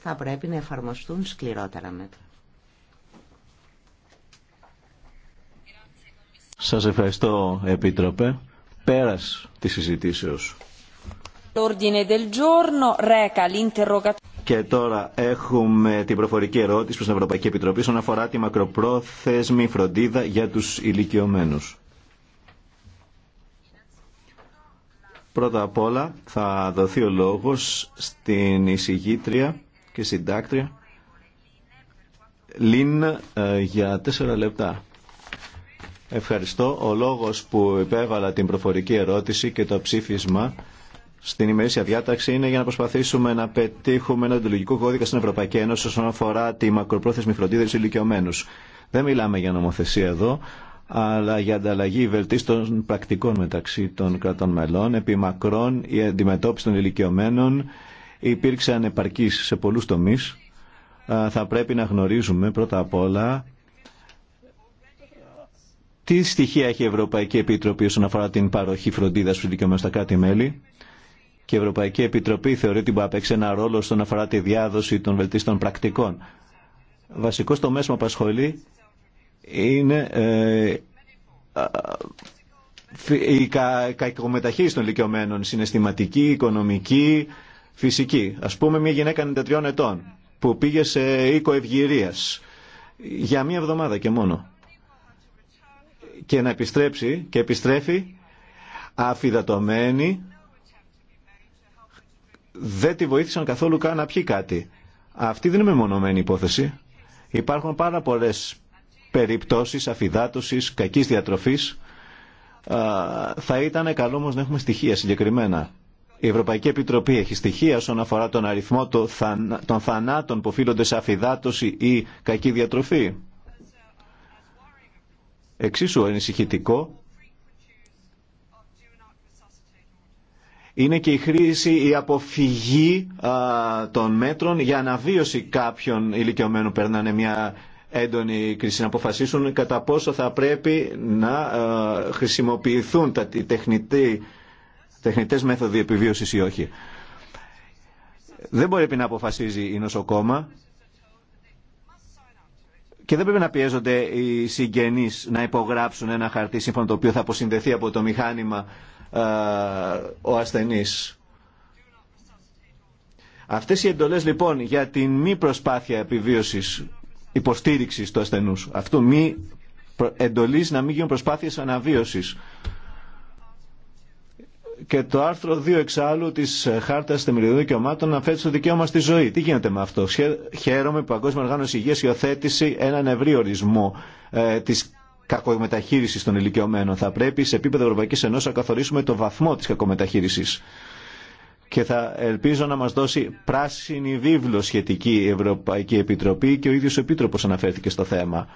θα πρέπει να εφαρμοστούν σκληρότερα μέτρα. Σας ευχαριστώ, Επίτροπε. Πέρας της συζητήσεως. Και τώρα έχουμε την προφορική ερώτηση προς την Ευρωπαϊκή Επιτροπή σχετικά αφορά τη μακροπρόθεσμη φροντίδα για τους ηλικιωμένους. Πρώτα απ' όλα θα δοθεί ο λόγος στην εισηγήτρια και στην συντάκτρια Λίν ε, για τέσσερα λεπτά. Ευχαριστώ. Ο λόγος που υπέβαλα την προφορική ερώτηση και το ψήφισμα στην ημερήσια διάταξη είναι για να προσπαθήσουμε να πετύχουμε έναν αντιλογικό κώδικα στην Ευρωπαϊκή Ένωση όσον αφορά τη μακροπρόθεσμη φροντίδα στου ηλικιωμένου. Δεν μιλάμε για νομοθεσία εδώ, αλλά για ανταλλαγή βελτίστων πρακτικών μεταξύ των κρατών μελών. Επί μακρόν, η αντιμετώπιση των ηλικιωμένων υπήρξε ανεπαρκή σε πολλούς τομεί. Θα πρέπει να γνωρίζουμε πρώτα απ' όλα τι στοιχεία έχει η Ευρωπαϊκή Επιτροπή όσον αφορά την παροχή φροντίδα στου ηλικιωμένου στα κράτη-μέλη. Και η Ευρωπαϊκή Επιτροπή θεωρεί ότι μπορεί να παίξει ένα ρόλο όσον αφορά τη διάδοση των βελτίστων πρακτικών. Βασικό τομέα που απασχολεί είναι ε, η κα, κακομεταχείριση των ηλικιωμένων, συναισθηματική, οικονομική, φυσική. Ας πούμε μια γυναίκα 93 ετών που πήγε σε οίκο ευγυρίας για μια εβδομάδα και μόνο και να επιστρέψει και επιστρέφει αφιδατωμένη δεν τη βοήθησαν καθόλου καν να πιει κάτι. Αυτή δεν είναι μεμονωμένη υπόθεση. Υπάρχουν πάρα πολλές περιπτώσεις αφυδάτωσης κακής διατροφής. Θα ήταν καλό όμως να έχουμε στοιχεία συγκεκριμένα. Η Ευρωπαϊκή Επιτροπή έχει στοιχεία όσον αφορά τον αριθμό των θανάτων που οφείλονται σε αφιδάτωση ή κακή διατροφή. Εξίσου ενησυχητικό είναι και η χρήση, η αποφυγή των μέτρων για αναβίωση κάποιων ηλικιωμένων. Περνάνε μια έντονη κρίση, να αποφασίσουν κατά πόσο θα πρέπει να ε, χρησιμοποιηθούν τα τεχνητή, τεχνητές μέθοδοι επιβίωσης ή όχι. Δεν μπορεί να αποφασίζει η νοσοκόμα και δεν πρέπει να πιέζονται οι συγγενείς να υπογράψουν ένα χαρτί σύμφωνα το οποίο θα αποσυνδεθεί από το μηχάνημα ε, ο ασθενής. Αυτές οι εντολές λοιπόν για την μη προσπάθεια επιβίωσης υποστήριξη του ασθενού. Αυτό μη εντολή να μην γίνουν προσπάθειε αναβίωση. Και το άρθρο 2 εξάλλου τη Χάρτα Θεμελιωδών Δικαιωμάτων αναφέρει στο δικαίωμα στη ζωή. Τι γίνεται με αυτό. Χαίρομαι που η Παγκόσμια Οργάνωση Υγεία υιοθέτησε έναν ευρύ ορισμό ε, τη κακομεταχείριση των ηλικιωμένων. Θα πρέπει σε επίπεδο Ευρωπαϊκή Ενώση να καθορίσουμε το βαθμό τη κακομεταχείριση και θα ελπίζω να μας δώσει πράσινη βίβλο σχετική η Ευρωπαϊκή Επιτροπή και ο ίδιος ο Επίτροπος αναφέρθηκε στο θέμα.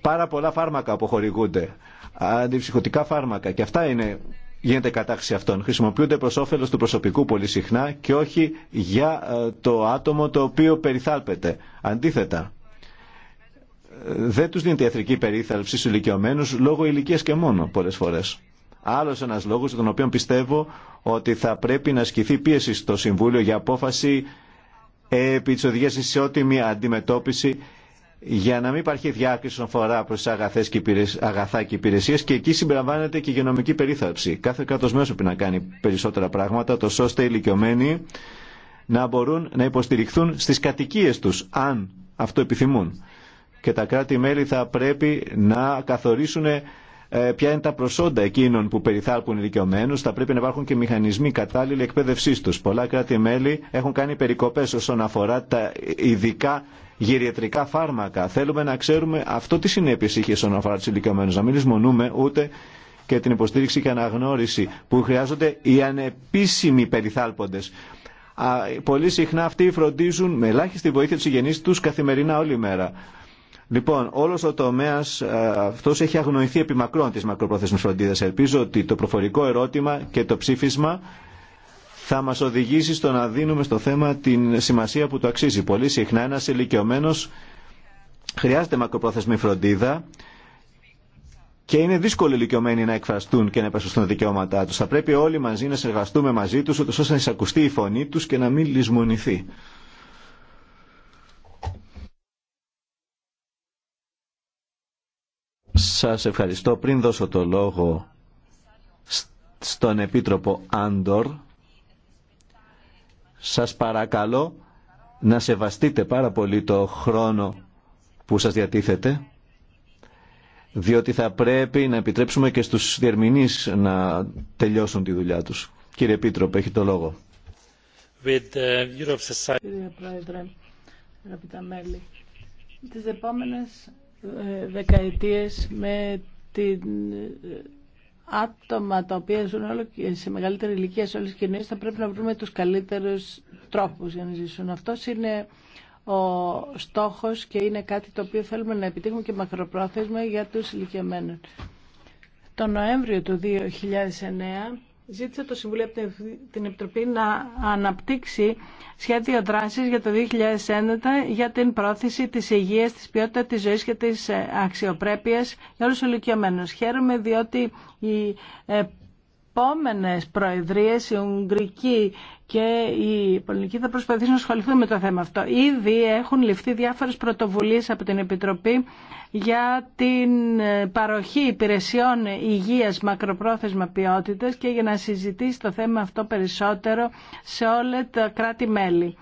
Πάρα πολλά φάρμακα που χορηγούνται, αντιψυχωτικά φάρμακα και αυτά είναι, γίνεται κατάξη αυτών. Χρησιμοποιούνται προς όφελος του προσωπικού πολύ συχνά και όχι για ε, το άτομο το οποίο περιθάλπεται. Αντίθετα, ε, δεν τους δίνεται ιατρική περίθαλψη στους ηλικιωμένους λόγω ηλικίας και μόνο πολλές φορές. Άλλο ένα λόγο για τον οποίο πιστεύω ότι θα πρέπει να ασκηθεί πίεση στο Συμβούλιο για απόφαση επί της οδηγίας ισότιμη αντιμετώπιση για να μην υπάρχει διάκριση όσον αφορά προ αγαθά και υπηρεσίε και εκεί συμπεριλαμβάνεται και η υγειονομική περίθαλψη. Κάθε κράτο μέσο πρέπει να κάνει περισσότερα πράγματα, τόσο ώστε οι ηλικιωμένοι να μπορούν να υποστηριχθούν στι κατοικίε του, αν αυτό επιθυμούν. Και τα κράτη-μέλη θα πρέπει να καθορίσουν ε, ποια είναι τα προσόντα εκείνων που περιθάλπουν ηλικιωμένου, θα πρέπει να υπάρχουν και μηχανισμοί κατάλληλοι εκπαίδευσή του. Πολλά κράτη-μέλη έχουν κάνει περικοπέ όσον αφορά τα ειδικά γυριατρικά φάρμακα. Θέλουμε να ξέρουμε αυτό τι συνέπειε είχε όσον αφορά του ηλικιωμένου. Να μην λησμονούμε ούτε και την υποστήριξη και αναγνώριση που χρειάζονται οι ανεπίσημοι περιθάλποντε. Πολύ συχνά αυτοί φροντίζουν με ελάχιστη βοήθεια του συγγενεί του καθημερινά όλη μέρα. Λοιπόν, όλο ο τομέα ε, αυτό έχει αγνοηθεί επί μακρόν τη μακροπρόθεσμη φροντίδα. Ελπίζω ότι το προφορικό ερώτημα και το ψήφισμα θα μα οδηγήσει στο να δίνουμε στο θέμα την σημασία που το αξίζει. Πολύ συχνά ένα ηλικιωμένο χρειάζεται μακροπρόθεσμη φροντίδα και είναι δύσκολο ηλικιωμένοι να εκφραστούν και να επασπιστούν δικαιώματά του. Θα πρέπει όλοι μαζί να συνεργαστούμε μαζί του, ώστε να εισακουστεί η φωνή του και να μην λησμονηθεί. Σας ευχαριστώ. Πριν δώσω το λόγο στον Επίτροπο Άντορ, σας παρακαλώ να σεβαστείτε πάρα πολύ το χρόνο που σας διατίθεται, διότι θα πρέπει να επιτρέψουμε και στους διερμηνείς να τελειώσουν τη δουλειά τους. Κύριε Επίτροπε, έχει το λόγο. Uh, Κύριε Πρόεδρε, αγαπητά μέλη, τις επόμενες δεκαετίες με την άτομα τα οποία ζουν όλο και σε μεγαλύτερη ηλικία σε όλες τις κοινωνίες θα πρέπει να βρούμε τους καλύτερους τρόπους για να ζήσουν. Αυτός είναι ο στόχος και είναι κάτι το οποίο θέλουμε να επιτύχουμε και μακροπρόθεσμα για τους ηλικιωμένους. Το Νοέμβριο του 2009 ζήτησε το Συμβουλίο από την Επιτροπή να αναπτύξει σχέδιο δράση για το 2011 για την πρόθεση της υγείας, της ποιότητας της ζωής και της ε, αξιοπρέπειας για όλους τους ηλικιωμένους. Χαίρομαι διότι η ε, επόμενες προεδρίες, η Ουγγρική και η Πολωνική θα προσπαθήσουν να ασχοληθούν με το θέμα αυτό. Ήδη έχουν ληφθεί διάφορες πρωτοβουλίες από την Επιτροπή για την παροχή υπηρεσιών υγείας μακροπρόθεσμα ποιότητας και για να συζητήσει το θέμα αυτό περισσότερο σε όλα τα κράτη-μέλη.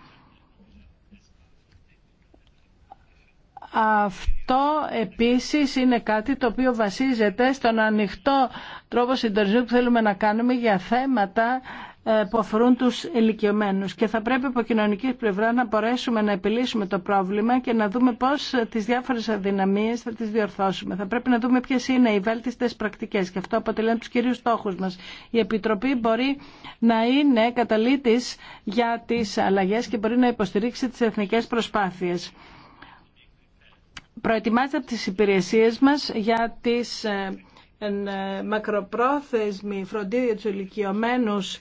Αυτό επίσης είναι κάτι το οποίο βασίζεται στον ανοιχτό τρόπο συντονισμού που θέλουμε να κάνουμε για θέματα ε, που αφορούν τους ηλικιωμένους και θα πρέπει από κοινωνική πλευρά να μπορέσουμε να επιλύσουμε το πρόβλημα και να δούμε πώς τις διάφορες αδυναμίες θα τις διορθώσουμε. Θα πρέπει να δούμε ποιες είναι οι βέλτιστες πρακτικές και αυτό αποτελεί τους κυρίους στόχους μας. Η Επιτροπή μπορεί να είναι καταλήτης για τις αλλαγές και μπορεί να υποστηρίξει τις εθνικές προσπάθειες προετοιμάζεται από τις υπηρεσίες μας για τις ε, ε, μακροπρόθεσμη φροντίδια του τους ηλικιωμένους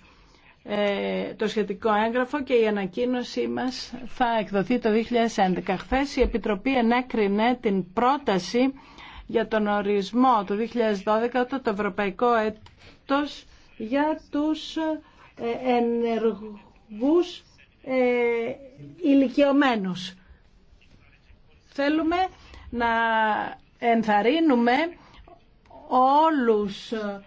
ε, το σχετικό έγγραφο και η ανακοίνωσή μας θα εκδοθεί το 2011. Χθε η Επιτροπή ενέκρινε την πρόταση για τον ορισμό του 2012 το Ευρωπαϊκό Έτος για τους ενεργούς ηλικιωμένους. Θέλουμε να ενθαρρύνουμε όλους ε,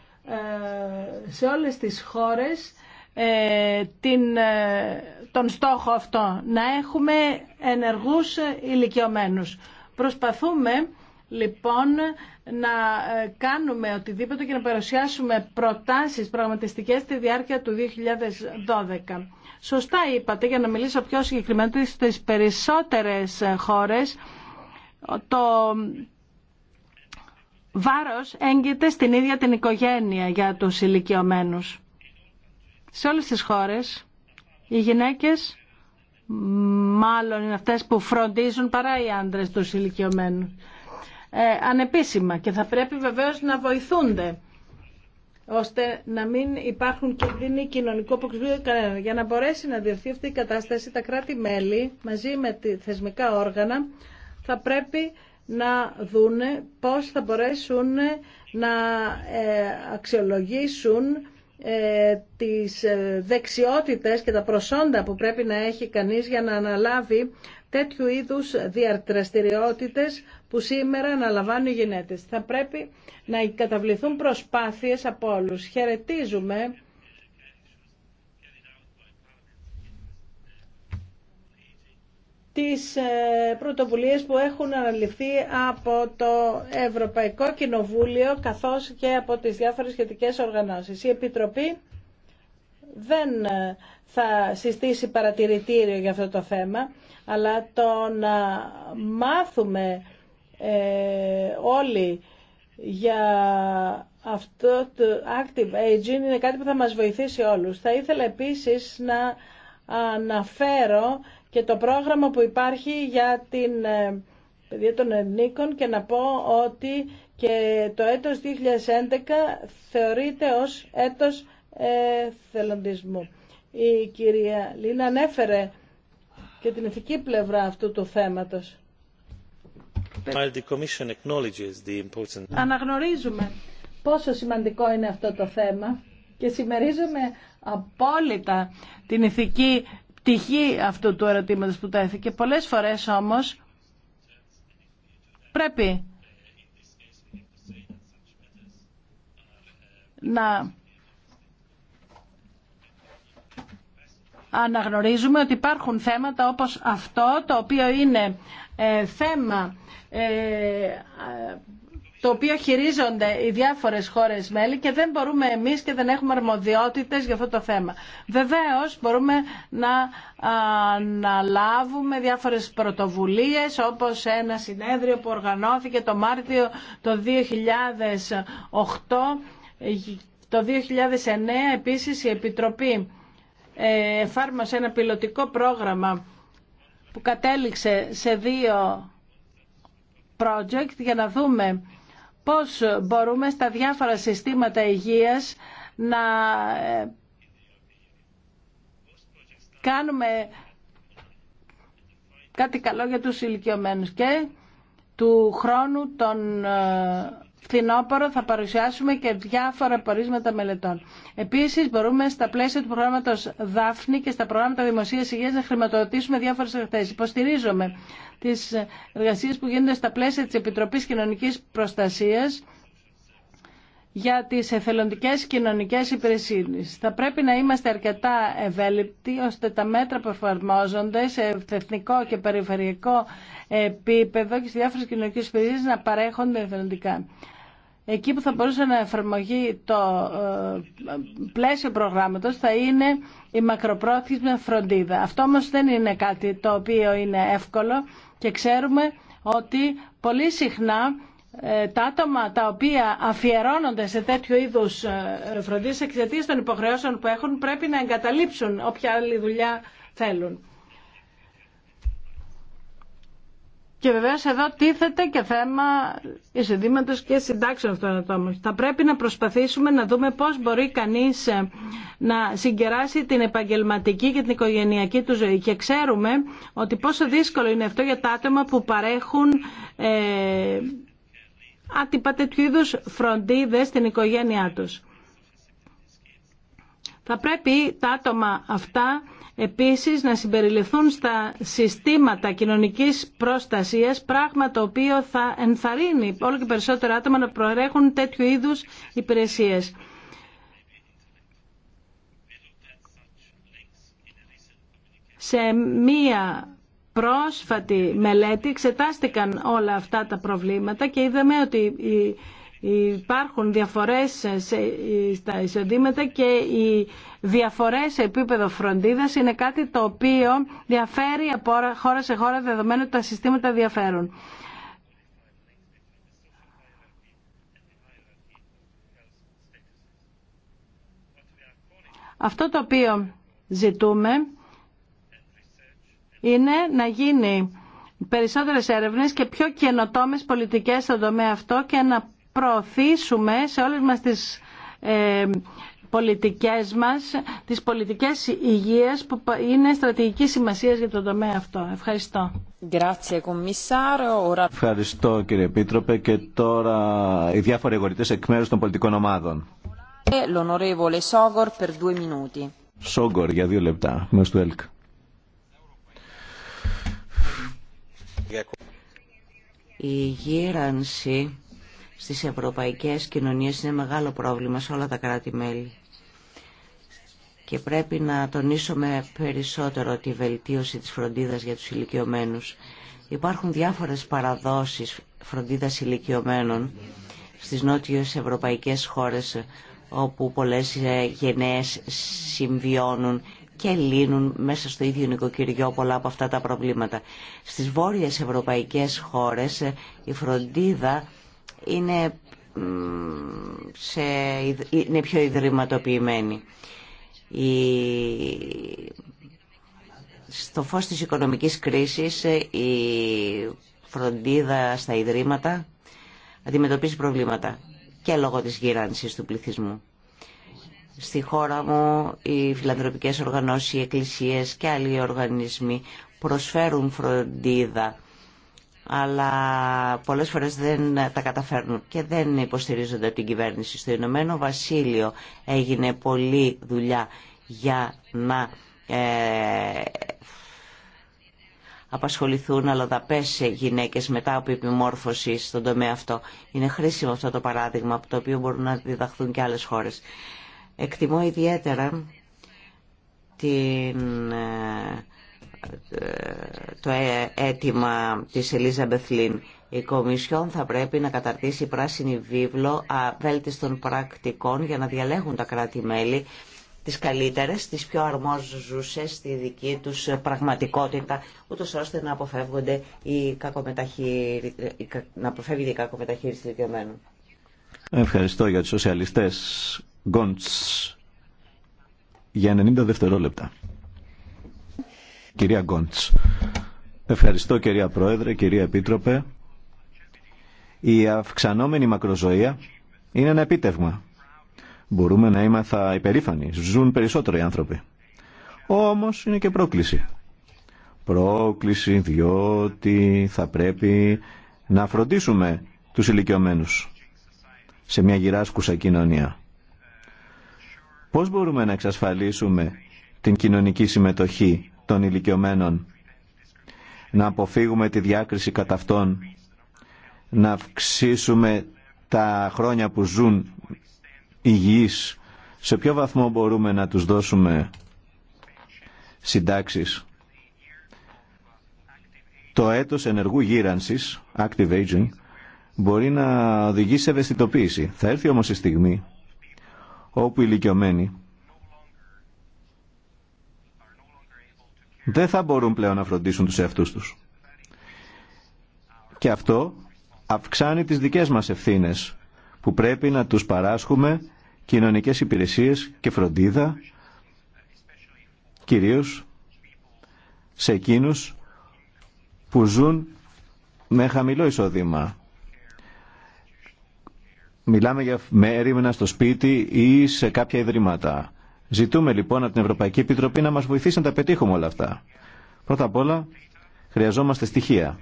σε όλες τις χώρες ε, την, ε, τον στόχο αυτό, να έχουμε ενεργούς ηλικιωμένους. Προσπαθούμε λοιπόν να κάνουμε οτιδήποτε και να παρουσιάσουμε προτάσεις πραγματιστικές στη διάρκεια του 2012. Σωστά είπατε, για να μιλήσω πιο συγκεκριμένα, στις περισσότερες χώρες το βάρος έγκυται στην ίδια την οικογένεια για τους ηλικιωμένους. Σε όλες τις χώρες οι γυναίκες μάλλον είναι αυτές που φροντίζουν παρά οι άντρες τους ηλικιωμένους. Ε, ανεπίσημα και θα πρέπει βεβαίως να βοηθούνται ώστε να μην υπάρχουν κινδύνοι κοινωνικού αποκλεισμού κανέναν. Για να μπορέσει να διορθεί αυτή η κατάσταση, τα κράτη-μέλη μαζί με τη θεσμικά όργανα θα πρέπει να δούνε πώς θα μπορέσουν να ε, αξιολογήσουν ε, τις ε, δεξιότητες και τα προσόντα που πρέπει να έχει κανείς για να αναλάβει τέτοιου είδους διαρτραστηριότητες που σήμερα αναλαμβάνουν οι γυναίκες. Θα πρέπει να καταβληθούν προσπάθειες από όλους. Χαιρετίζουμε τις ε, πρωτοβουλίες που έχουν αναλυθεί από το Ευρωπαϊκό Κοινοβούλιο καθώς και από τις διάφορες σχετικές οργανώσεις. Η Επιτροπή δεν ε, θα συστήσει παρατηρητήριο για αυτό το θέμα, αλλά το να μάθουμε ε, όλοι για αυτό το active aging είναι κάτι που θα μας βοηθήσει όλους. Θα ήθελα επίσης να αναφέρω και το πρόγραμμα που υπάρχει για την ε, παιδεία των ελληνίκων και να πω ότι και το έτος 2011 θεωρείται ως έτος θελοντισμού. Η κυρία Λίνα ανέφερε και την ηθική πλευρά αυτού του θέματος. Αναγνωρίζουμε πόσο σημαντικό είναι αυτό το θέμα και συμμερίζομαι απόλυτα την ηθική πτυχή αυτού του ερωτήματος που τέθηκε. Πολλές φορές όμως πρέπει να αναγνωρίζουμε ότι υπάρχουν θέματα όπως αυτό το οποίο είναι ε, θέμα ε, το οποίο χειρίζονται οι διάφορε χώρες μέλη και δεν μπορούμε εμείς και δεν έχουμε αρμοδιότητες για αυτό το θέμα. Βεβαίως μπορούμε να αναλάβουμε διάφορες πρωτοβουλίε όπως ένα συνέδριο που οργανώθηκε το Μάρτιο το 2008 το 2009 επίσης η Επιτροπή ε, εφάρμοσε ένα πιλωτικό πρόγραμμα που κατέληξε σε δύο project για να δούμε πώς μπορούμε στα διάφορα συστήματα υγείας να ε, κάνουμε κάτι καλό για τους ηλικιωμένους και του χρόνου των ε, φθινόπωρο θα παρουσιάσουμε και διάφορα πορίσματα μελετών. Επίση, μπορούμε στα πλαίσια του προγράμματο Δάφνη και στα προγράμματα δημοσία υγεία να χρηματοδοτήσουμε διάφορε εκθέσει. Υποστηρίζομαι τι εργασίε που γίνονται στα πλαίσια τη Επιτροπή Κοινωνική Προστασία για τις εθελοντικές κοινωνικές υπηρεσίες. Θα πρέπει να είμαστε αρκετά ευέλικτοι ώστε τα μέτρα που εφαρμόζονται σε εθνικό και περιφερειακό επίπεδο και στι διάφορες κοινωνικέ υπηρεσίες να παρέχονται εθελοντικά εκεί που θα μπορούσε να εφαρμογεί το ε, πλαίσιο προγράμματος θα είναι η μακροπρόθεσμη φροντίδα. Αυτό όμως δεν είναι κάτι το οποίο είναι εύκολο και ξέρουμε ότι πολύ συχνά ε, τα άτομα τα οποία αφιερώνονται σε τέτοιου είδους ε, φροντίδες εξαιτία των υποχρεώσεων που έχουν πρέπει να εγκαταλείψουν όποια άλλη δουλειά θέλουν. Και βεβαίω εδώ τίθεται και θέμα εισοδήματος και συντάξεων αυτών των ατόμων. Θα πρέπει να προσπαθήσουμε να δούμε πώς μπορεί κανεί ε, να συγκεράσει την επαγγελματική και την οικογενειακή του ζωή. Και ξέρουμε ότι πόσο δύσκολο είναι αυτό για τα άτομα που παρέχουν ε, άτυπα τέτοιου είδου φροντίδες στην οικογένειά τους. Θα πρέπει τα άτομα αυτά Επίσης να συμπεριληφθούν στα συστήματα κοινωνικής προστασίας πράγμα το οποίο θα ενθαρρύνει όλο και περισσότερα άτομα να προερέχουν τέτοιου είδους υπηρεσίες. Σε μία πρόσφατη μελέτη εξετάστηκαν όλα αυτά τα προβλήματα και είδαμε ότι Υπάρχουν διαφορές στα εισοδήματα και οι διαφορές σε επίπεδο φροντίδας είναι κάτι το οποίο διαφέρει από χώρα σε χώρα δεδομένου ότι τα συστήματα διαφέρουν. Αυτό το οποίο ζητούμε είναι να γίνει περισσότερες έρευνες και πιο καινοτόμες πολιτικές στον τομέα αυτό και να προωθήσουμε σε όλες μας τις ε, πολιτικές μας, τις πολιτικές υγείας που είναι στρατηγική σημασία για τον τομέα αυτό. Ευχαριστώ. Ευχαριστώ κύριε Επίτροπε και τώρα οι διάφοροι εγωρητές εκ μέρους των πολιτικών ομάδων. Σόγκορ ε, για δύο λεπτά, μέσα του ΕΛΚ. Η γύρανση στις ευρωπαϊκές κοινωνίες είναι μεγάλο πρόβλημα σε όλα τα κράτη-μέλη. Και πρέπει να τονίσουμε περισσότερο τη βελτίωση της φροντίδας για τους ηλικιωμένους. Υπάρχουν διάφορες παραδόσεις φροντίδας ηλικιωμένων στις νότιες ευρωπαϊκές χώρες όπου πολλές ε, γενναίες συμβιώνουν και λύνουν μέσα στο ίδιο νοικοκυριό πολλά από αυτά τα προβλήματα. Στις βόρειες ευρωπαϊκές χώρες ε, η φροντίδα είναι, σε, είναι πιο ιδρυματοποιημένη. Η, στο φως της οικονομικής κρίσης ε, η φροντίδα στα ιδρύματα αντιμετωπίζει προβλήματα και λόγω της γύρανσης του πληθυσμού. Στη χώρα μου οι φιλανθρωπικές οργανώσεις, οι εκκλησίες και άλλοι οργανισμοί προσφέρουν φροντίδα αλλά πολλές φορές δεν τα καταφέρνουν και δεν υποστηρίζονται από την κυβέρνηση. Στο Ηνωμένο Βασίλειο έγινε πολλή δουλειά για να ε, απασχοληθούν αλλοδαπές γυναίκες μετά από επιμόρφωση στον τομέα αυτό. Είναι χρήσιμο αυτό το παράδειγμα από το οποίο μπορούν να διδαχθούν και άλλες χώρες. Εκτιμώ ιδιαίτερα την ε, το ε, αίτημα της Ελίζα Μπεθλίν. Η Κομισιόν θα πρέπει να καταρτήσει πράσινη βίβλο των πρακτικών για να διαλέγουν τα κράτη-μέλη τις καλύτερες, τις πιο αρμόζουσες στη δική τους πραγματικότητα, ούτως ώστε να, αποφεύγονται οι να αποφεύγεται η κακομεταχείριση δικαιωμένων. Ευχαριστώ για τους σοσιαλιστές. Γκόντς για 90 δευτερόλεπτα. Κυρία Γκόντς. Ευχαριστώ κυρία Πρόεδρε, κυρία Επίτροπε. Η αυξανόμενη μακροζωία είναι ένα επίτευγμα. Μπορούμε να είμαστε υπερήφανοι. Ζουν περισσότερο οι άνθρωποι. Όμως είναι και πρόκληση. Πρόκληση διότι θα πρέπει να φροντίσουμε τους ηλικιωμένους σε μια γυράσκουσα κοινωνία. Πώς μπορούμε να εξασφαλίσουμε την κοινωνική συμμετοχή των ηλικιωμένων. Να αποφύγουμε τη διάκριση κατά αυτών. Να αυξήσουμε τα χρόνια που ζουν υγιείς. Σε ποιο βαθμό μπορούμε να τους δώσουμε συντάξεις. Το έτος ενεργού γύρανσης, active aging, μπορεί να οδηγήσει σε ευαισθητοποίηση. Θα έρθει όμως η στιγμή όπου οι ηλικιωμένοι δεν θα μπορούν πλέον να φροντίσουν τους εαυτούς τους. Και αυτό αυξάνει τις δικές μας ευθύνες που πρέπει να τους παράσχουμε κοινωνικές υπηρεσίες και φροντίδα κυρίως σε εκείνους που ζουν με χαμηλό εισόδημα. Μιλάμε για μέρημνα στο σπίτι ή σε κάποια ιδρύματα. Ζητούμε λοιπόν από την Ευρωπαϊκή Επιτροπή να μας βοηθήσει να τα πετύχουμε όλα αυτά. Πρώτα απ' όλα χρειαζόμαστε στοιχεία.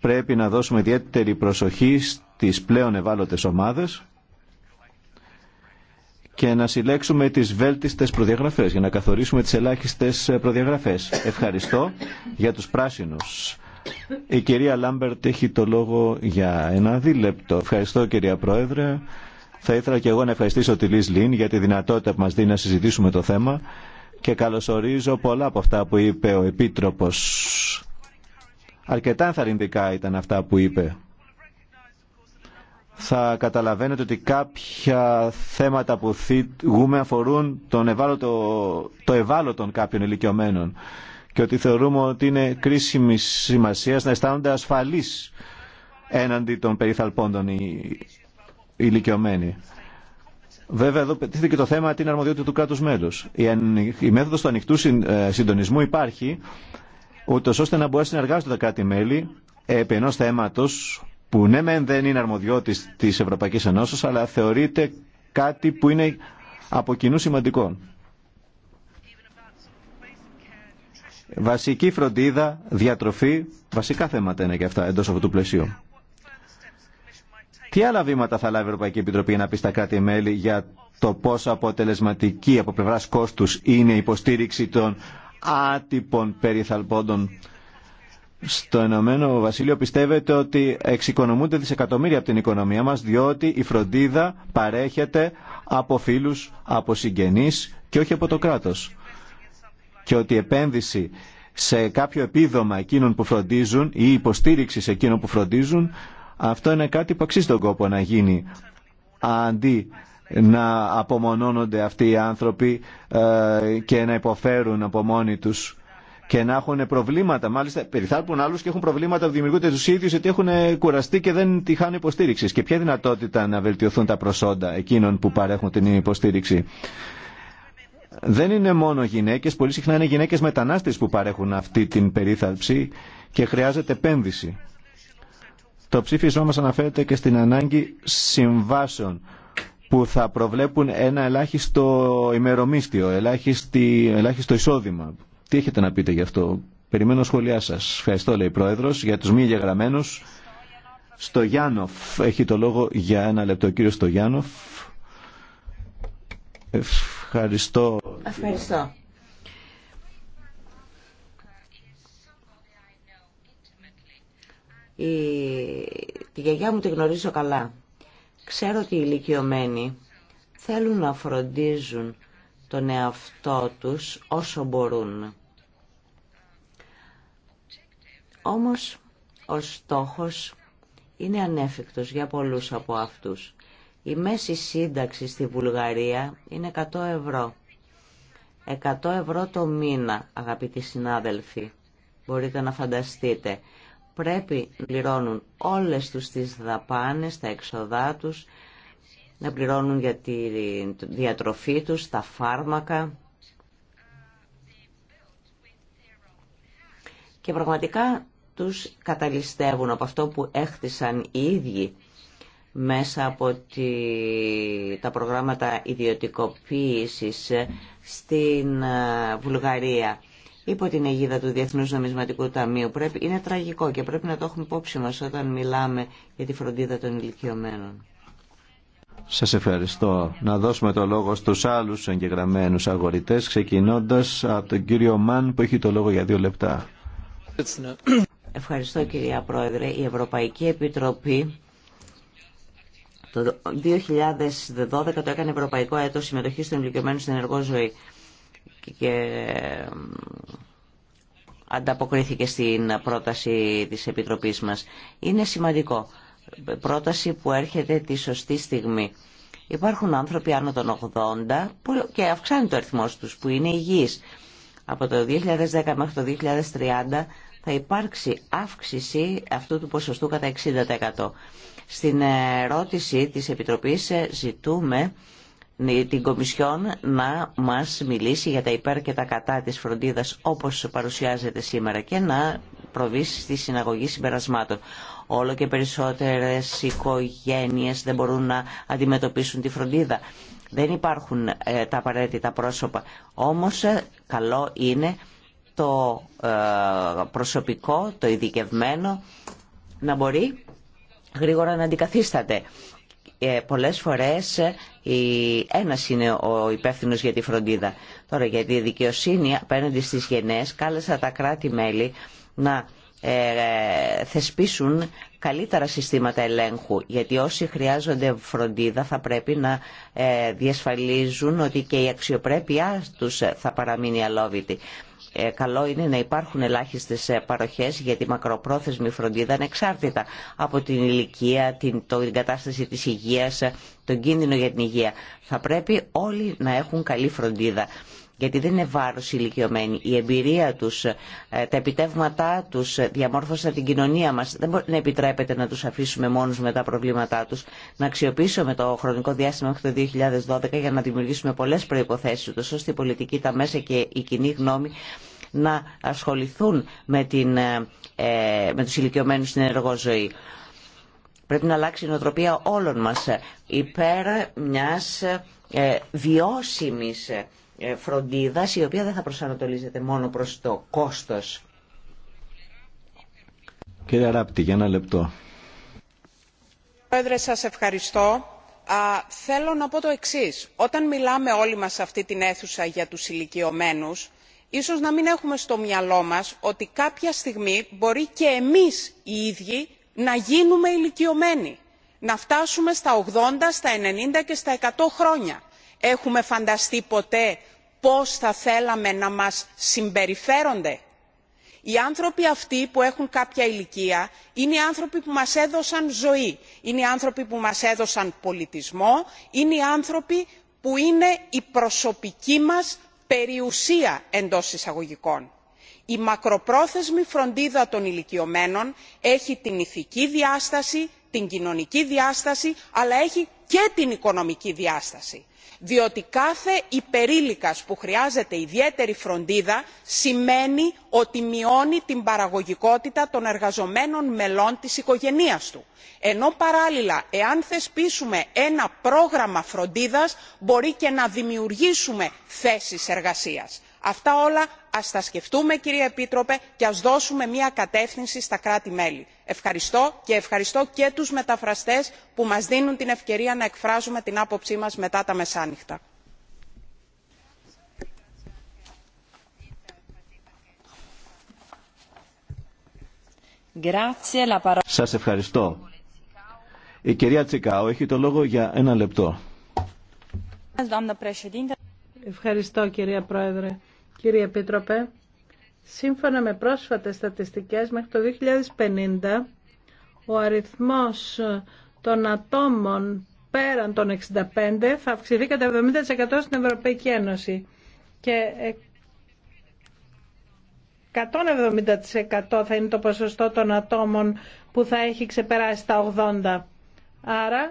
Πρέπει να δώσουμε ιδιαίτερη προσοχή στις πλέον ευάλωτες ομάδες και να συλλέξουμε τις βέλτιστες προδιαγραφές για να καθορίσουμε τις ελάχιστες προδιαγραφές. Ευχαριστώ για τους πράσινους. Η κυρία Λάμπερτ έχει το λόγο για ένα δίλεπτο. Ευχαριστώ κυρία Πρόεδρε. Θα ήθελα και εγώ να ευχαριστήσω τη Λις Λίν για τη δυνατότητα που μας δίνει να συζητήσουμε το θέμα και καλωσορίζω πολλά από αυτά που είπε ο Επίτροπος. Αρκετά ενθαρρυντικά ήταν αυτά που είπε. Θα καταλαβαίνετε ότι κάποια θέματα που θυγούμε αφορούν τον ευάλωτο, το ευάλωτον κάποιων ηλικιωμένων και ότι θεωρούμε ότι είναι κρίσιμη σημασία να αισθάνονται ασφαλείς έναντι των των των ηλικιωμένοι. Βέβαια, εδώ πετύχθηκε το θέμα την αρμοδιότητα του κράτου μέλου. Η, η μέθοδο του ανοιχτού ε, συντονισμού υπάρχει, ούτω ώστε να μπορέσουν να εργάζονται τα κράτη-μέλη επί ενό θέματο που ναι, δεν είναι αρμοδιότη τη Ευρωπαϊκή Ενώση, αλλά θεωρείται κάτι που είναι από κοινού σημαντικό. Βασική φροντίδα, διατροφή, βασικά θέματα είναι και αυτά εντό αυτού του πλαισίου. Τι άλλα βήματα θα λάβει η Ευρωπαϊκή Επιτροπή για να πει στα κράτη-μέλη για το πόσο αποτελεσματική από πλευρά κόστου είναι η υποστήριξη των άτυπων περιθαλπώντων. Στο Ενωμένο Βασίλειο πιστεύετε ότι εξοικονομούνται δισεκατομμύρια από την οικονομία μας διότι η φροντίδα παρέχεται από φίλους, από συγγενείς και όχι από το κράτος. Και ότι η επένδυση σε κάποιο επίδομα εκείνων που φροντίζουν ή υποστήριξη σε εκείνων που φροντίζουν αυτό είναι κάτι που αξίζει τον κόπο να γίνει. Αντί να απομονώνονται αυτοί οι άνθρωποι ε, και να υποφέρουν από μόνοι τους και να έχουν προβλήματα. Μάλιστα, περιθάλπουν άλλου και έχουν προβλήματα που δημιουργούνται του ίδιου γιατί έχουν κουραστεί και δεν τη χάνουν υποστήριξη. Και ποια δυνατότητα να βελτιωθούν τα προσόντα εκείνων που παρέχουν την υποστήριξη. Δεν είναι μόνο γυναίκες, πολύ συχνά είναι γυναίκες μετανάστες που παρέχουν αυτή την περίθαλψη και χρειάζεται επένδυση. Το ψήφισμά μας αναφέρεται και στην ανάγκη συμβάσεων που θα προβλέπουν ένα ελάχιστο ημερομίσθιο, ελάχιστη, ελάχιστο εισόδημα. Τι έχετε να πείτε γι' αυτό. Περιμένω σχόλιά σας. Ευχαριστώ, λέει η Πρόεδρος, για τους μη εγγεγραμμένους. Στο Γιάννοφ έχει το λόγο για ένα λεπτό. κύριο στο Γιάννοφ. Ευχαριστώ. Ευχαριστώ. Η... Τη γιαγιά μου τη γνωρίζω καλά. Ξέρω ότι οι ηλικιωμένοι θέλουν να φροντίζουν τον εαυτό τους όσο μπορούν. Όμως ο στόχος είναι ανέφικτος για πολλούς από αυτούς. Η μέση σύνταξη στη Βουλγαρία είναι 100 ευρώ. 100 ευρώ το μήνα, αγαπητοί συνάδελφοι. Μπορείτε να φανταστείτε πρέπει να πληρώνουν όλες τους τις δαπάνες, τα εξοδά τους, να πληρώνουν για τη διατροφή τους, τα φάρμακα. Και πραγματικά τους καταλυστεύουν από αυτό που έχτισαν οι ίδιοι μέσα από τα προγράμματα ιδιωτικοποίησης στην ε, Βουλγαρία υπό την αιγίδα του Διεθνού Νομισματικού Ταμείου. Πρέπει, είναι τραγικό και πρέπει να το έχουμε υπόψη μα όταν μιλάμε για τη φροντίδα των ηλικιωμένων. Σας ευχαριστώ. Να δώσουμε το λόγο στου άλλους εγγεγραμμένου αγορητέ, ξεκινώντα από τον κύριο Μαν που έχει το λόγο για δύο λεπτά. Ευχαριστώ κυρία Πρόεδρε. Η Ευρωπαϊκή Επιτροπή το 2012 το έκανε Ευρωπαϊκό Έτος Συμμετοχής των Ηλικιωμένων στην Ενεργό Ζωή και ε, ανταποκρίθηκε στην πρόταση της Επιτροπής μας. Είναι σημαντικό. Πρόταση που έρχεται τη σωστή στιγμή. Υπάρχουν άνθρωποι άνω των 80 που και αυξάνει το αριθμό τους που είναι υγιείς. Από το 2010 μέχρι το 2030 θα υπάρξει αύξηση αυτού του ποσοστού κατά 60%. Στην ερώτηση της Επιτροπής ε, ζητούμε ναι, την Κομισιόν να μας μιλήσει για τα υπέρ και τα κατά της φροντίδας όπως παρουσιάζεται σήμερα και να προβεί στη συναγωγή συμπερασμάτων. Όλο και περισσότερες οικογένειες δεν μπορούν να αντιμετωπίσουν τη φροντίδα. Δεν υπάρχουν ε, τα απαραίτητα πρόσωπα. Όμως ε, καλό είναι το ε, προσωπικό, το ειδικευμένο να μπορεί γρήγορα να αντικαθίσταται ε, πολλές φορές ε, ένας είναι ο υπεύθυνο για τη φροντίδα. Τώρα για τη δικαιοσύνη απέναντι στις γενναίες κάλεσα τα κράτη-μέλη να ε, θεσπίσουν καλύτερα συστήματα ελέγχου γιατί όσοι χρειάζονται φροντίδα θα πρέπει να διασφαλίζουν ότι και η αξιοπρέπειά τους θα παραμείνει αλόβητη. Ε, καλό είναι να υπάρχουν ελάχιστες ε, παροχές για τη μακροπρόθεσμη φροντίδα ανεξάρτητα από την ηλικία, την, την κατάσταση της υγείας, ε, τον κίνδυνο για την υγεία. Θα πρέπει όλοι να έχουν καλή φροντίδα γιατί δεν είναι βάρος ηλικιωμένοι. Η εμπειρία τους, ε, τα επιτεύγματά τους διαμόρφωσαν την κοινωνία μας. Δεν μπορεί να επιτρέπεται να τους αφήσουμε μόνους με τα προβλήματά τους. Να αξιοποιήσουμε το χρονικό διάστημα μέχρι το 2012 για να δημιουργήσουμε πολλές προϋποθέσεις, ώστε η πολιτική, τα μέσα και η κοινή γνώμη να ασχοληθούν με, την, ε, ε, με τους ηλικιωμένους στην εργοζωή. Πρέπει να αλλάξει η νοοτροπία όλων μας υπέρ μιας βιώσιμης ε, φροντίδας η οποία δεν θα προσανατολίζεται μόνο προς το κόστος. Κύριε Ράπτη, για ένα λεπτό. Πρόεδρε, σας ευχαριστώ. Α, θέλω να πω το εξής. Όταν μιλάμε όλοι μας σε αυτή την αίθουσα για τους ηλικιωμένου, ίσως να μην έχουμε στο μυαλό μας ότι κάποια στιγμή μπορεί και εμείς οι ίδιοι να γίνουμε ηλικιωμένοι. Να φτάσουμε στα 80, στα 90 και στα 100 χρόνια έχουμε φανταστεί ποτέ πώς θα θέλαμε να μας συμπεριφέρονται. οι άνθρωποι αυτοί που έχουν κάποια ηλικία είναι οι άνθρωποι που μας έδωσαν ζωή είναι οι άνθρωποι που μας έδωσαν πολιτισμό είναι οι άνθρωποι που είναι η προσωπική μας περιουσία εντός εισαγωγικών. η μακροπρόθεσμη φροντίδα των ηλικιωμένων έχει την ηθική διάσταση την κοινωνική διάσταση αλλά έχει και την οικονομική διάσταση διότι κάθε υπερήλικας που χρειάζεται ιδιαίτερη φροντίδα σημαίνει ότι μειώνει την παραγωγικότητα των εργαζομένων μελών της οικογένειάς του ενώ παράλληλα εάν θεσπίσουμε ένα πρόγραμμα φροντίδας μπορεί και να δημιουργήσουμε θέσεις εργασίας. αυτά όλα ας τα σκεφτούμε κυρία επίτροπε και ας δώσουμε μια κατεύθυνση στα κράτη μέλη. ευχαριστώ και ευχαριστώ και τους μεταφραστές που μας δίνουν την ευκαιρία να εκφράζουμε την άποψή μας μετά τα μεσάνυχτα. Σας ευχαριστώ. Η κυρία Τσικάου έχει το λόγο για ένα λεπτό. Ευχαριστώ κυρία Πρόεδρε. Κύριε Επίτροπε, σύμφωνα με πρόσφατες στατιστικές, μέχρι το 2050 ο αριθμός των ατόμων πέραν των 65 θα αυξηθεί κατά 70% στην Ευρωπαϊκή Ένωση και 170% θα είναι το ποσοστό των ατόμων που θα έχει ξεπεράσει τα 80. Άρα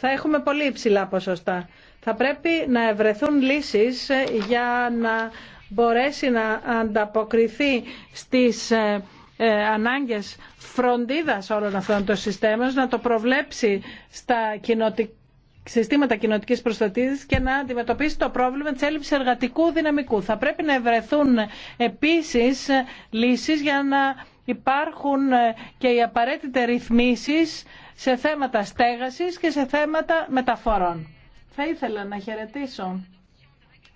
θα έχουμε πολύ υψηλά ποσοστά. Θα πρέπει να ευρεθούν λύσεις ε, για να μπορέσει να ανταποκριθεί στις ε, ε, ανάγκες φροντίδας όλων αυτών των συστήματων, να το προβλέψει στα συστήματα κοινοτική προστασίας και να αντιμετωπίσει το πρόβλημα τη έλλειψη εργατικού δυναμικού. Θα πρέπει να ευρεθούν επίση λύσει για να υπάρχουν και οι απαραίτητε ρυθμίσει σε θέματα στέγασης και σε θέματα μεταφορών. Θα ήθελα να χαιρετήσω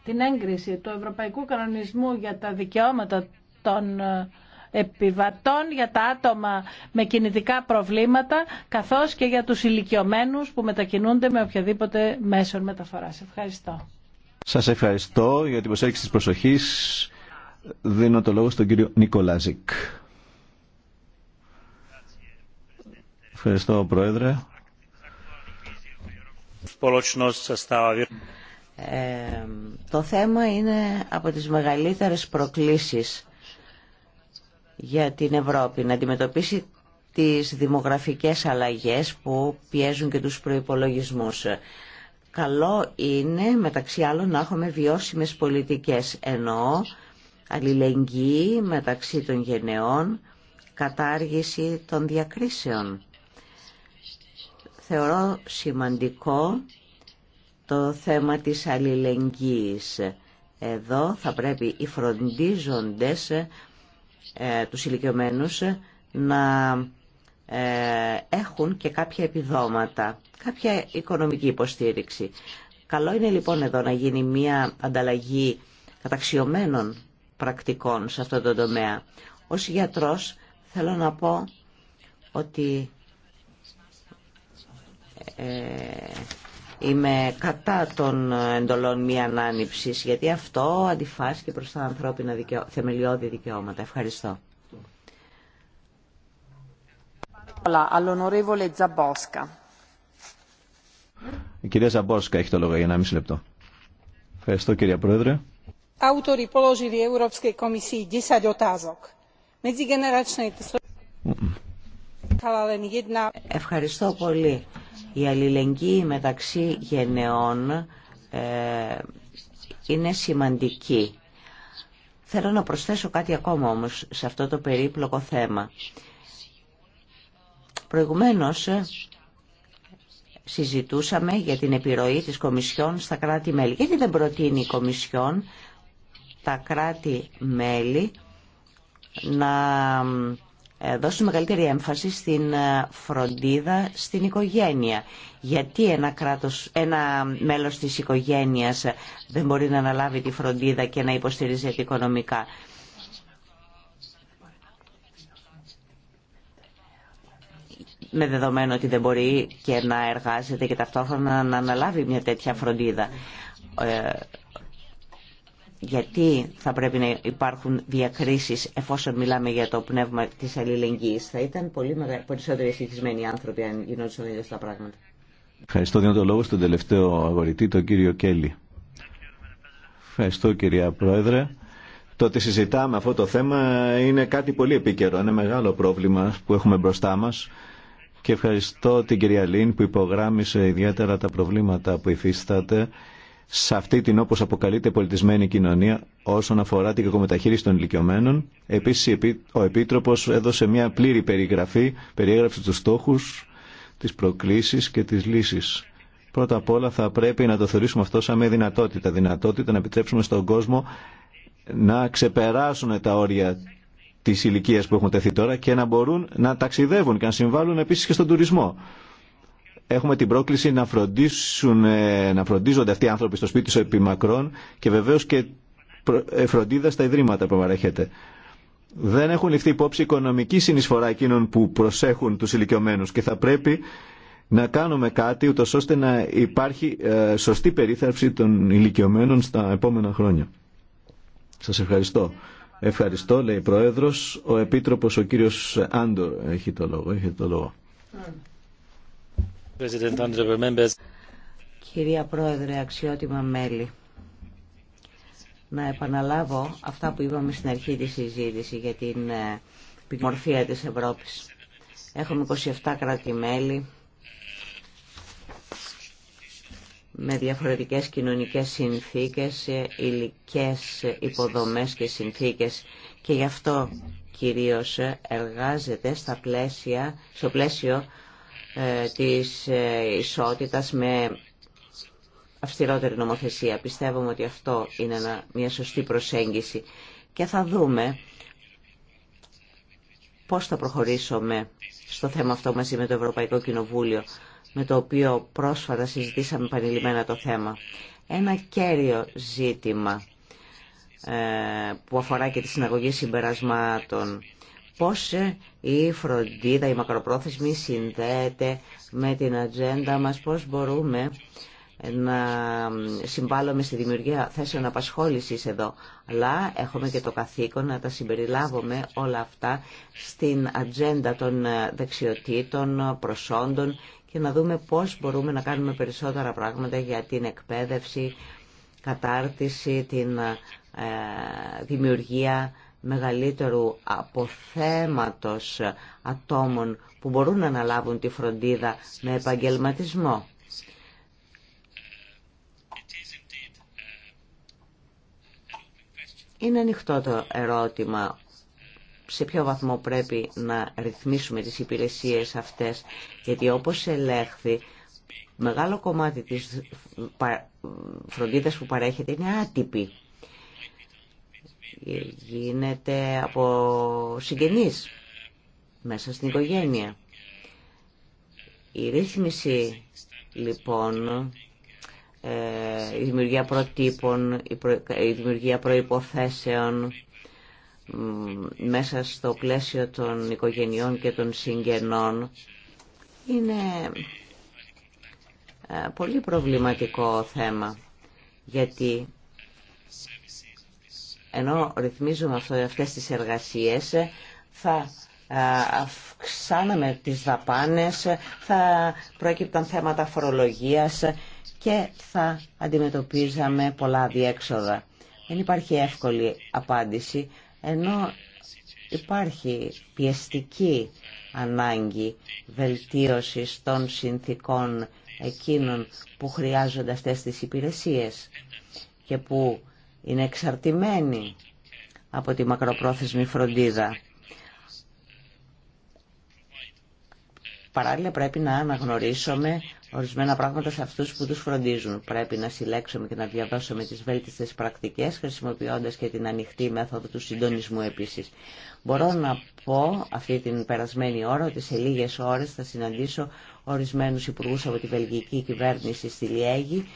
την έγκριση του Ευρωπαϊκού Κανονισμού για τα δικαιώματα των ε, επιβατών για τα άτομα με κινητικά προβλήματα καθώς και για τους ηλικιωμένους που μετακινούνται με οποιαδήποτε μέσο μεταφοράς. Ευχαριστώ. Σας ευχαριστώ για την προσέγγιση της προσοχής. Δίνω το λόγο στον κύριο Νικολάζικ. Πρόεδρε. Ε, το θέμα είναι από τις μεγαλύτερες προκλήσεις για την Ευρώπη να αντιμετωπίσει τις δημογραφικές αλλαγές που πιέζουν και τους προϋπολογισμούς. Καλό είναι μεταξύ άλλων να έχουμε βιώσιμες πολιτικές ενώ αλληλεγγύη μεταξύ των γενεών, κατάργηση των διακρίσεων Θεωρώ σημαντικό το θέμα της αλληλεγγύης. Εδώ θα πρέπει οι φροντίζοντες του ε, τους ηλικιωμένους να ε, έχουν και κάποια επιδόματα, κάποια οικονομική υποστήριξη. Καλό είναι λοιπόν εδώ να γίνει μια ανταλλαγή καταξιωμένων πρακτικών σε αυτό το τομέα. Ως γιατρός θέλω να πω ότι ε, είμαι κατά των εντολών μη ανάνυψης, γιατί αυτό αντιφάσκει προς τα ανθρώπινα δικαιω... θεμελιώδη δικαιώματα. Ευχαριστώ. Η κυρία Ζαμπόσκα έχει το λόγο για ένα μισή λεπτό. Ευχαριστώ κυρία Πρόεδρε. Autori položili Európskej komisii 10 otázok. Medzigeneračnej... Ευχαριστώ πολύ. Η αλληλεγγύη μεταξύ γενεών ε, είναι σημαντική. Θέλω να προσθέσω κάτι ακόμα όμως σε αυτό το περίπλοκο θέμα. Προηγουμένως ε, συζητούσαμε για την επιρροή της Κομισιόν στα κράτη-μέλη. Γιατί δεν προτείνει η Κομισιόν τα κράτη-μέλη να ε, Δώσουμε μεγαλύτερη έμφαση στην ε, φροντίδα στην οικογένεια. Γιατί ένα, κράτος, ένα μέλος της οικογένειας ε, δεν μπορεί να αναλάβει τη φροντίδα και να υποστηρίζεται οικονομικά. με δεδομένο ότι δεν μπορεί και να εργάζεται και ταυτόχρονα να αναλάβει μια τέτοια φροντίδα γιατί θα πρέπει να υπάρχουν διακρίσεις εφόσον μιλάμε για το πνεύμα της αλληλεγγύης. Θα ήταν πολύ περισσότερο οι άνθρωποι αν γινόντουσαν ίδια τα πράγματα. Ευχαριστώ. Δίνω το λόγο στον τελευταίο αγορητή, τον κύριο Κέλλη. Ευχαριστώ κυρία Πρόεδρε. Το ότι συζητάμε αυτό το θέμα είναι κάτι πολύ επίκαιρο. Είναι μεγάλο πρόβλημα που έχουμε μπροστά μας. Και ευχαριστώ την κυρία Λίν που υπογράμμισε ιδιαίτερα τα προβλήματα που υφίσταται σε αυτή την όπως αποκαλείται πολιτισμένη κοινωνία όσον αφορά την κακομεταχείριση των ηλικιωμένων. Επίσης ο Επίτροπος έδωσε μια πλήρη περιγραφή, περιέγραψε τους στόχους, τις προκλήσεις και τις λύσεις. Πρώτα απ' όλα θα πρέπει να το θεωρήσουμε αυτό σαν μια δυνατότητα. Δυνατότητα να επιτρέψουμε στον κόσμο να ξεπεράσουν τα όρια της ηλικία που έχουν τεθεί τώρα και να μπορούν να ταξιδεύουν και να συμβάλλουν επίσης και στον τουρισμό έχουμε την πρόκληση να, φροντίσουν, ε, να φροντίζονται αυτοί οι άνθρωποι στο σπίτι του επί μακρόν και βεβαίω και ε, φροντίδα στα ιδρύματα που παρέχεται. Δεν έχουν ληφθεί υπόψη οικονομική συνεισφορά εκείνων που προσέχουν του ηλικιωμένου και θα πρέπει να κάνουμε κάτι ούτω ώστε να υπάρχει ε, σωστή περίθαρψη των ηλικιωμένων στα επόμενα χρόνια. Σα ευχαριστώ. Ευχαριστώ, λέει η Πρόεδρος. Ο Επίτροπος, ο κύριος Άντορ, έχει το λόγο. Έχει το λόγο. Κυρία Πρόεδρε, αξιότιμα μέλη, να επαναλάβω αυτά που είπαμε στην αρχή της συζήτηση για την ε, ποικιμορφία της Ευρώπης. Έχουμε 27 κράτη-μέλη με διαφορετικές κοινωνικές συνθήκες, ε, υλικές υποδομές και συνθήκες και γι' αυτό κυρίως ε, εργάζεται στα στο πλαίσιο ε, της ε, ισότητας με αυστηρότερη νομοθεσία. Πιστεύουμε ότι αυτό είναι μια σωστή προσέγγιση και θα δούμε πώς θα προχωρήσουμε στο θέμα αυτό μαζί με το Ευρωπαϊκό Κοινοβούλιο, με το οποίο πρόσφατα συζητήσαμε πανηλημμένα το θέμα. Ένα κέριο ζήτημα ε, που αφορά και τη συναγωγή συμπερασμάτων πώς ε, η φροντίδα, η μακροπρόθεσμη συνδέεται με την ατζέντα μας, πώς μπορούμε να συμβάλλουμε στη δημιουργία θέσεων απασχόλησης εδώ. Αλλά έχουμε και το καθήκον να τα συμπεριλάβουμε όλα αυτά στην ατζέντα των ε, δεξιοτήτων, προσόντων και να δούμε πώς μπορούμε να κάνουμε περισσότερα πράγματα για την εκπαίδευση, κατάρτιση, την ε, δημιουργία μεγαλύτερου αποθέματος ατόμων που μπορούν να αναλάβουν τη φροντίδα με επαγγελματισμό. Είναι ανοιχτό το ερώτημα σε ποιο βαθμό πρέπει να ρυθμίσουμε τις υπηρεσίες αυτές, γιατί όπως ελέγχθη, μεγάλο κομμάτι της φροντίδας που παρέχεται είναι άτυπη γίνεται από συγγενείς μέσα στην οικογένεια. Η ρύθμιση λοιπόν, ε, η δημιουργία προτύπων, η δημιουργία προϋποθέσεων μέσα στο πλαίσιο των οικογενειών και των συγγενών είναι ε, πολύ προβληματικό θέμα γιατί ενώ ρυθμίζουμε αυτό, αυτές τις εργασίες θα αυξάναμε τις δαπάνες, θα προέκυπταν θέματα φορολογίας και θα αντιμετωπίζαμε πολλά διέξοδα. Δεν υπάρχει εύκολη απάντηση, ενώ υπάρχει πιεστική ανάγκη βελτίωσης των συνθήκων εκείνων που χρειάζονται αυτές τις υπηρεσίες και που είναι εξαρτημένη από τη μακροπρόθεσμη φροντίδα. Παράλληλα πρέπει να αναγνωρίσουμε ορισμένα πράγματα σε αυτούς που τους φροντίζουν. Πρέπει να συλλέξουμε και να διαβάσουμε τις βέλτιστες πρακτικές, χρησιμοποιώντας και την ανοιχτή μέθοδο του συντονισμού επίσης. Μπορώ να πω αυτή την περασμένη ώρα ότι σε λίγες ώρες θα συναντήσω ορισμένους υπουργούς από τη βελγική κυβέρνηση στη Λιέγη,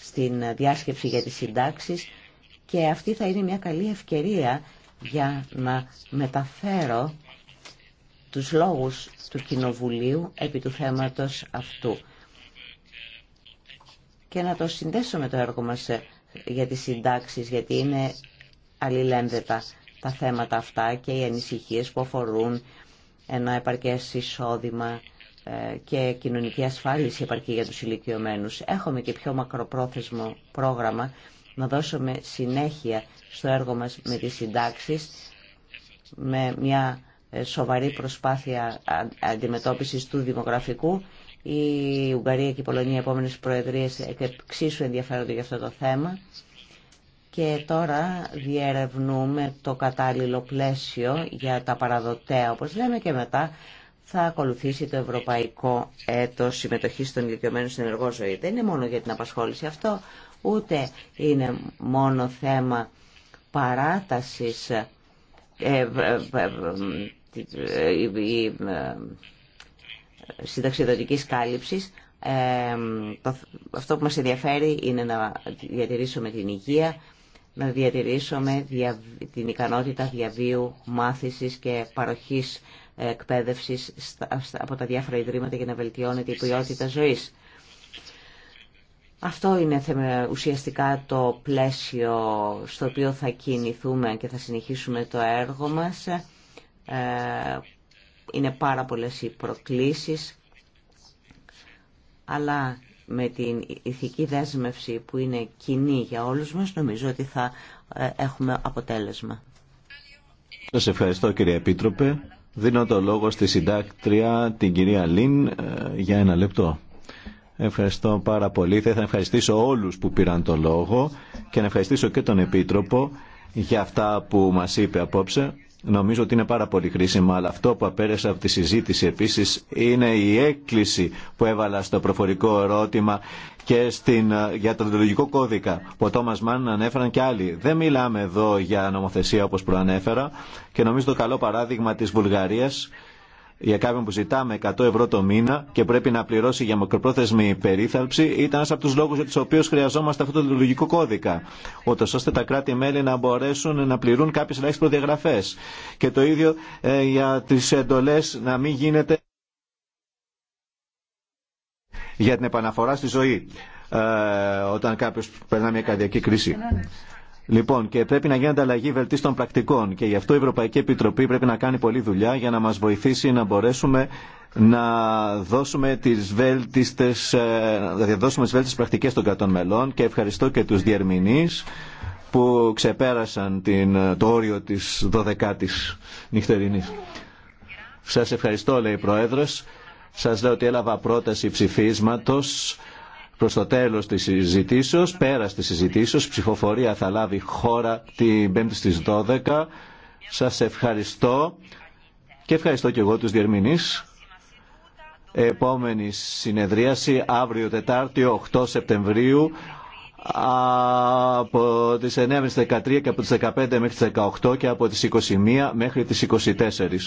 στην διάσκεψη για τις συντάξεις, και αυτή θα είναι μια καλή ευκαιρία για να μεταφέρω τους λόγους του Κοινοβουλίου επί του θέματος αυτού και να το συνδέσω με το έργο μας ε, για τις συντάξεις, γιατί είναι αλληλένδετα τα θέματα αυτά και οι ανησυχίες που αφορούν ένα επαρκές εισόδημα ε, και κοινωνική ασφάλιση επαρκή για τους ηλικιωμένους. Έχουμε και πιο μακροπρόθεσμο πρόγραμμα να δώσουμε συνέχεια στο έργο μας με τις συντάξεις, με μια ε, σοβαρή προσπάθεια αντιμετώπισης του δημογραφικού. Η Ουγγαρία και η Πολωνία, οι επόμενες προεδρίες, εξίσου ενδιαφέρονται για αυτό το θέμα. Και τώρα διερευνούμε το κατάλληλο πλαίσιο για τα παραδοτέα, όπως λέμε, και μετά θα ακολουθήσει το Ευρωπαϊκό Έτος Συμμετοχής των Ηλικιωμένων στην Ενεργό Δεν είναι μόνο για την απασχόληση αυτό, ούτε είναι μόνο θέμα παράτασης η συνταξιδοτικής κάλυψης. αυτό που μας ενδιαφέρει είναι να διατηρήσουμε την υγεία, να διατηρήσουμε την ικανότητα διαβίου, μάθησης και παροχής εκπαίδευσης από τα διάφορα ιδρύματα για να βελτιώνεται η ποιότητα ζωής. Αυτό είναι ουσιαστικά το πλαίσιο στο οποίο θα κινηθούμε και θα συνεχίσουμε το έργο μας. Ε, είναι πάρα πολλές οι προκλήσεις, αλλά με την ηθική δέσμευση που είναι κοινή για όλους μας, νομίζω ότι θα ε, έχουμε αποτέλεσμα. Σας ευχαριστώ κύριε Επίτροπε. Δίνω το λόγο στη συντάκτρια την κυρία Λίν ε, για ένα λεπτό. Ευχαριστώ πάρα πολύ. Θα ήθελα να ευχαριστήσω όλους που πήραν το λόγο και να ευχαριστήσω και τον Επίτροπο για αυτά που μας είπε απόψε. Νομίζω ότι είναι πάρα πολύ χρήσιμα, αλλά αυτό που απέρεσα από τη συζήτηση επίσης είναι η έκκληση που έβαλα στο προφορικό ερώτημα και στην, για το διδολογικό κώδικα που ο Τόμας Μάν ανέφεραν και άλλοι. Δεν μιλάμε εδώ για νομοθεσία όπως προανέφερα και νομίζω το καλό παράδειγμα της Βουλγαρίας για κάποιον που ζητάμε 100 ευρώ το μήνα και πρέπει να πληρώσει για μακροπρόθεσμη περίθαλψη ήταν ένα από του λόγου για του οποίου χρειαζόμαστε αυτό το λειτουργικό κώδικα. Ούτω ώστε τα κράτη-μέλη να μπορέσουν να πληρούν κάποιε ελάχιστε προδιαγραφέ. Και το ίδιο ε, για τι εντολέ να μην γίνεται για την επαναφορά στη ζωή ε, όταν κάποιο περνά μια καρδιακή κρίση. Λοιπόν, και πρέπει να γίνεται αλλαγή βελτίστων πρακτικών και γι' αυτό η Ευρωπαϊκή Επιτροπή πρέπει να κάνει πολλή δουλειά για να μας βοηθήσει να μπορέσουμε να δώσουμε τις βέλτιστες, ε, να δώσουμε τις βέλτιστες πρακτικές των κρατών μελών και ευχαριστώ και τους διερμηνείς που ξεπέρασαν την, το όριο της 12ης νυχτερινής. Σας ευχαριστώ, λέει η Πρόεδρος. Σας λέω ότι έλαβα πρόταση ψηφίσματος προ το τέλο τη συζητήσεω, πέρα τη συζητήσεω. Ψηφοφορία θα λάβει χώρα την 5η στι 12. Σα ευχαριστώ και ευχαριστώ και εγώ του διερμηνεί. Επόμενη συνεδρίαση αύριο Τετάρτη 8 Σεπτεμβρίου από τις 9 μέχρι 13 και από τις 15 μέχρι τις 18 και από τις 21 μέχρι τις 24.